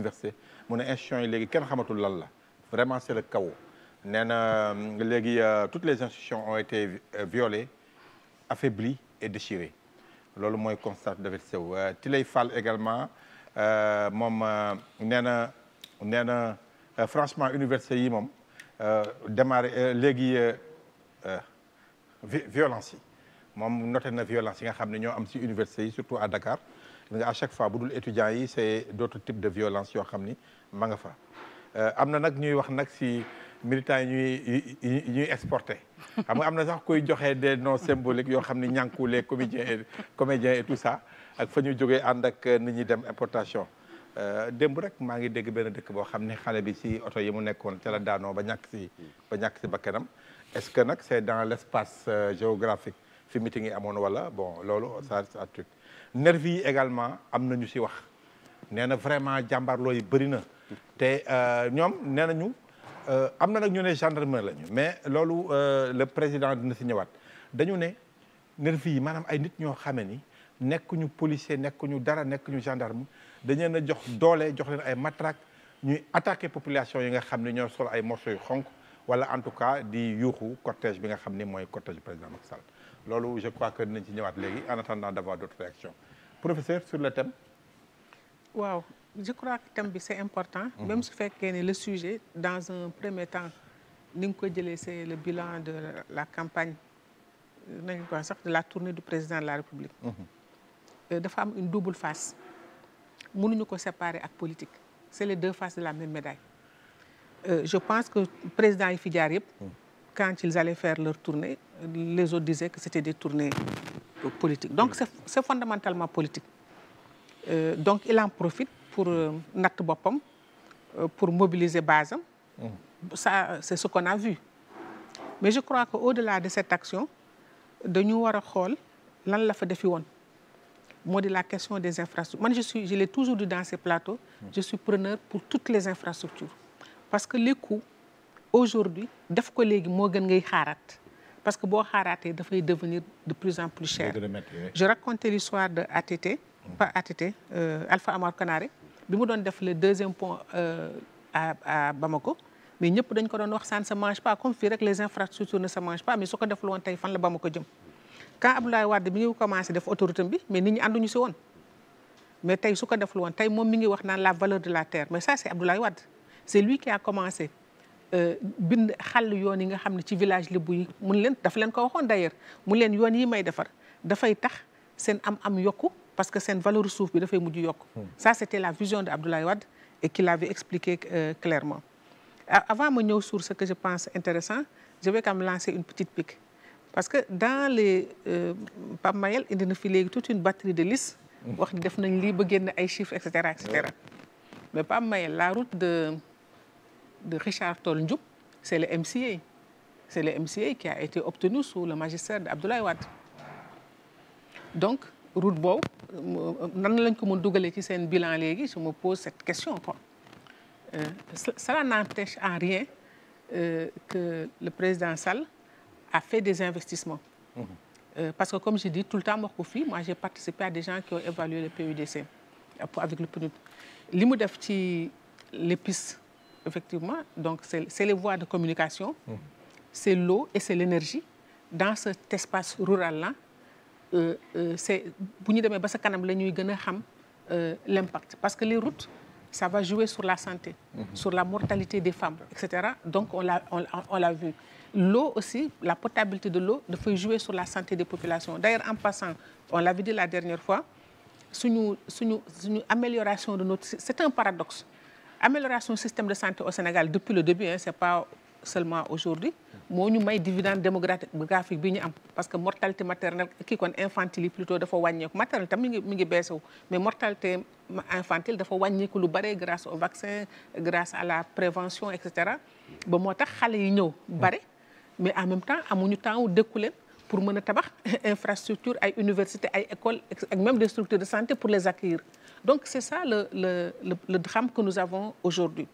université mu ne institutions yi léegi kenn xamatul lan la vraiment c'est le kaw nee na euh, léegi euh, toutes les institutions ont été euh, violées affaiblies et déchirées loolu mooy constat de sew ti lay Fall également moom nee na nee na franchement université yi moom démarré léegi violence yi moom noté na violence yi nga xam ne ñoo am si université yi surtout à Dakar nga chaque fois bu dul étudiants yi c'est d'autres types de violence yoo xam ni ma nga fa euh, am na nag ñuy wax nag si militants yi ñuy ñuy exporté xam nga am na sax koy joxe des noms symboliques yoo xam ni ñànku les comédiens et comédiens et tout ça ak fa ñu jógee ànd ak nit ñi dem importation euh, démb rek maa ngi dégg benn dëkk boo xam ni xale bi si oto yi mu nekkoon ca la daano ba ñàkk si ba ñàkk si kenam est-ce que nag c'est dans l'espace euh, géographique fi meeting yi amoon wala bon loolu ça ça truc nervi yi également am na ñu si wax nee na vraiment jàmbaarloo yi bëri na te euh, ñoom nee nañu euh, am na nag ñu ne gendarmerie lañu mais loolu euh, le président dina si ñëwaat dañu ne nervi yi maanaam ay nit ñoo xamee ni nekkuñu policier nekkuñu dara nekkuñu gendarme dañ leen a jox doole jox leen ay matraque ñuy attaquer population yi nga xam ne ñoo sol ay morceaux yu xonk wala en tout cas di yuuxu cortège bi nga xam ni mooy cortège président Macky Sall loolu je crois que dinañ ci ñëwaat léegi en attendant d'avoir d'autres réactions professeur sur le thème waaw je crois que thème bi c'est important mhm. même su fekkee ne le sujet dans un premier temps ni nga ko jëlee c'est le bilan de la campagne nañ ko sax de la tournée du président de la République mhm. euh, dafa am une double face mënuñu ko séparer ak politique c'est les deux faces de la même médaille Euh, je pense que président yi fi jaar yëpp. quand ils allaient faire leur tournée les autres disaient que c'était des tournées euh, politiques donc c'est c'est fondamentalement politique. Euh, donc il en profite pour euh, natt boppam euh, pour mobiliser basam am. ça c'est ce qu'on a vu. mais je crois que au-delà de cette action dañu war a xool lan la fa defi woon moo di la question des infrastructures man je suis je l'ai toujours dit dans ces plateaux je suis preneur pour toutes les infrastructures parce que les coûts aujourd'hui def ko léegi moo gën ngay xaaraat parce que boo xaaratee dafay devenir de plus en plus cher je racontais l'histoire de ATT pas ATT euh, Alpha Amar Kanare bi mu doon def le deuxième pont euh, à à Bamako mais ñëpp dañ ko doon wax ça ne mange pas comme fii rek les infrastructures ne se mangent pas mais su ko deful woon tey fan la Bamako jëm quand Abdoulaye Wade mi ngi commencé def autorité bi mais ni ñi ànduñu si woon mais tey su ko mi ngi wax naan la valeur de la terre mais ça c'est lui qui a commencé euh, bind xàll yoon yi nga xam ne ci village Lébu yi mun leen dafa leen ko waxoon d'ailleurs mu leen yoon yi may defar dafay tax seen am-am yokku parce que seen valeur suuf bi dafay mujj yokku. Hmm. ça c'était la vision de Abdoulaye Wade et qu'il avait expliqué euh, clairement. avant ma ñëw sur ce que je pense intéressant je vais quand même lancer une petite pique parce que dans les euh, Pape Mayel indi na fi léegi toute une batterie de listes. Hmm. wax ni def nañ lii ba génn ay chiffres et cetera et cetera mais Pape Mayel la route de. de Richard Toll Ndiouk c'est le MCA c'est le MCA qui a été obtenu sous le magistère de Abdoulaye Wade donc route boobu euh, nan lañ ko mën dugalee ci seen bilan léegi je me pose cette question quoi euh, cela n'empêche en rien euh, que le président Sall a fait des investissements mmh. Euh, parce que comme je dis tout le temps wax ko fii moi j'ai participé à des gens qui ont évalué le PUDC avec le PNUD li mu def ci les pistes effectivement, donc c'est les voies de communication, mmh. c'est l'eau et c'est l'énergie. Dans cet espace rural-là, euh, euh, c'est euh, l'impact. Parce que les routes, ça va jouer sur la santé, mmh. sur la mortalité des femmes, etc. Donc on l'a on, on vu. L'eau aussi, la potabilité de l'eau, faut jouer sur la santé des populations. D'ailleurs, en passant, on l'avait dit la dernière fois, sur une, sur une, sur une amélioration de notre... C'est un paradoxe. amélioration système de santé au Sénégal depuis le début hein, c'est pas seulement aujourd'hui moo ñu may dividende démographique bi ñu am parce que mortalité maternelle kii kon infantile yi plutôt dafa wàññeeku maternelle tam mi ngi mi ngi beesewu mais mortalité infantile dafa wàññeeku lu bare grâce au vaccin grâce à la prévention et cetera ba moo tax xale yi ñëw bare mais en même temps amuñu temps wu dëkku pour mën a tabax infrastructure ay université ay écoles ak même des structures de santé pour les accueillir donc c' ça le le le le drame que nous avons aujourd'hui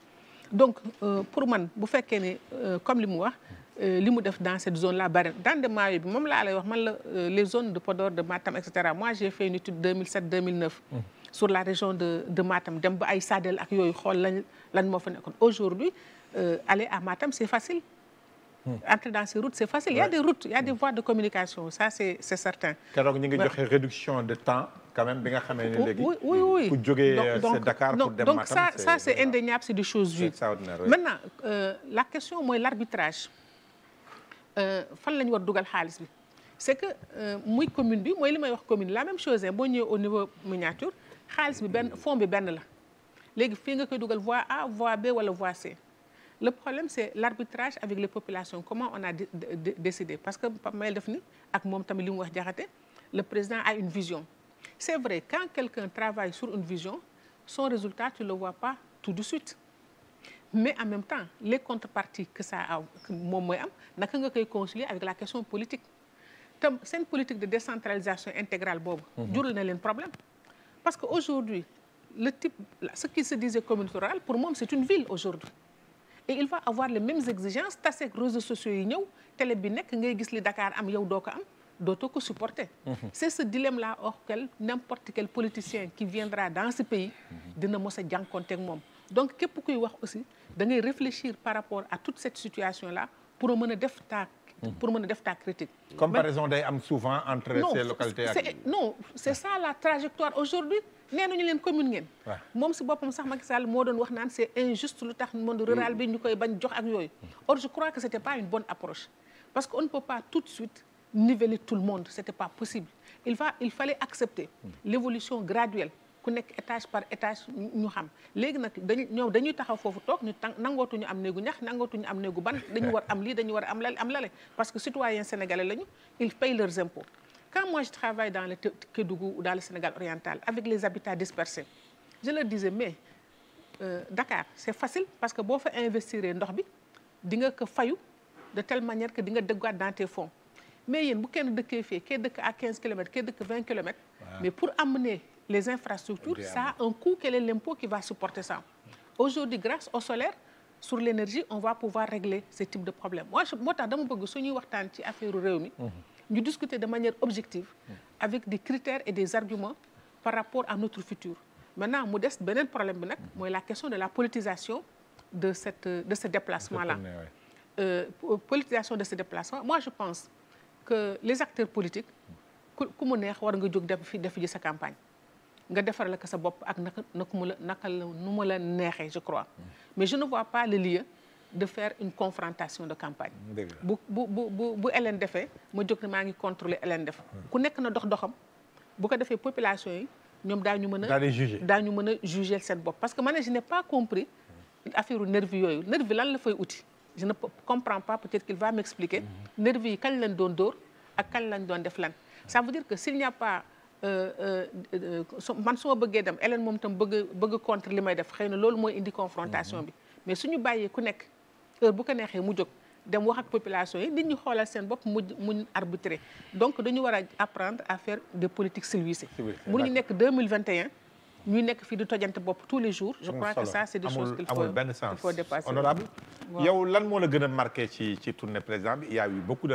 donc euh, pour man bu fekkee ne euh, comme li mu wax euh, li mu def dans cette zone là bari dans de Maayo bi moom laa lay wax man la euh, les zones de Podor de Matam et cetera moi j'ai fait une étude 2007 2009. Mmh. sur la région de de Matam dem ba ay Sadel ak yooyu xool lan lan moo fa nekkoon aujourd'hui aller à Matam c' est facile. Hmm. entrer dans ces routes c'est facile ouais. il y a des routes il y a des hmm. voies de communication ça c'est c'est certain keroog ñu ngi joxe réduction de temps quand bi nga xamee ne léegi oui oui ku jógee donc ça euh, ça c'est indéniable c'est des choses vues maintenant euh, la question mooy l'arbitrage euh, fan la ñu war dugal xaalis bi c'est que euh, muy commune bi mooy li may wax commune la même chose boo ñëwee au niveau miniature xaalis bi benn fond bi benn la léegi fii nga koy dugal voie A voie B wala voie le problème c'est l'arbitrage avec les populations comment on a décidé parce que Pape Mayel def ni ak moom tamit li mu wax jaxate le président a une vision c'est vrai quand quelqu'un travaille sur une vision son résultat tu le vois pas tout de suite mais en même temps les contreparties que ça a moom mooy am naka nga koy concilier avec la question politique te seen politique de décentralisation intégrale boobu mhm. jural na leen problème parce que aujourd'hui le type ce qui se disait commune rurale pour moom c'est une ville aujourd'hui et il va avoir les mêmes exigences tase ak réseaux sociaux yi ñëw télé bi nekk ngay gis li Dakar am yow doo ko am dootoo ko supporter. Mhm. c'est ce la là auquel n'importe quel politicien qui viendra dans ce pays. Mhm. dina mos a jànkonteeg moom. donc képp kuy wax aussi da ngay réfléchir par rapport à toute cette situation là pour mën a def ta Mm-hmm. pour mën a def ta critique. comparaison day am souvent entre ces localités aujourd'hui nee nañu leen commune ngeen. moom si boppam sax Macky Sall moo doon wax naan c'est injuste lu tax monde rural bi ñu koy bañ jox ak yooyu. or je crois que c'était pas une bonne approche parce que ne peut pas tout de suite niveler tout le monde c'était pas possible il fallait accepter mm. l'évolution graduelle. ku nekk étage par étage ñu xam léegi nag dañu ñoom dañuy taxaw foofu toog ñu tan nangootuñu am néegu ñax nangootuñu am néegu ban dañu war am lii dañu war am lale am lale parce que citoyens sénégalais lañu ils payent leurs impôts quand moi je travaille dans le Kédougou ou dans le Sénégal oriental avec les habitats dispersés je leur disais mais euh, Dakar c'est facile parce que boo fa investir ndox bi di nga ko fayu de telle manière que di nga dëggaat dante tes fonds mais yéen bu kenn dëkkee fii kee dëkk à 15 kilomètres kee dëkk 20 kilomètres mais pour amener les infrastructures, ça a un coût, quel est l'impôt qui va supporter ça Aujourd'hui, grâce au solaire, sur l'énergie, on va pouvoir régler ce type de problème. Moi, je veux nous mhm. discuter de manière objective, avec des critères et des arguments par rapport à notre futur. Maintenant, modeste, le problème, c'est la question de la politisation de, cette, de déplacement-là. Euh, politisation de ce déplacement, moi, je pense que les acteurs politiques, comment on est, on sa campagne. nga defaral ko sa bopp ak naka naka mu la naka la nu mu la neexee je crois mais je ne vois pas le lieu de faire une confrontation de campagne bu bu bu bu bu Hélène defee ma jóg ne maa ngi contrôler Hélène def ku nekk na dox doxam bu ko defee population yi ñoom daañu mën a daañu mën a juger seen bopp parce que man je n'ai pas compris affaire nervi yooyu nervi lan la fay uti je ne comprends pas peut-être qu'il va m'expliquer mm-hmm. nervi yi kañ lañ doon door ak kañ lañ doon def lan ça veut dire Euh, euh, man su bëggee dem Hélène moom tam bëgg bëgg contre li may def xëy na loolu mooy indi confrontation mhm. bi mais suñu bàyyee ku nekk heure bu ko neexee mu jóg dem wax ak population yi nit ñi xoolal seen bopp mu muñ arbitrer donc dañu war a apprendre à faire des politiques civilisées mënuñu nekk 2021 ñuy nekk fi di tojante bopp tous les jours je crois que ça c'est des choses qu'il faut qu'il faut honorable yow lan moo la gën a marqué ci ci tournée président bi il y a eu beaucoup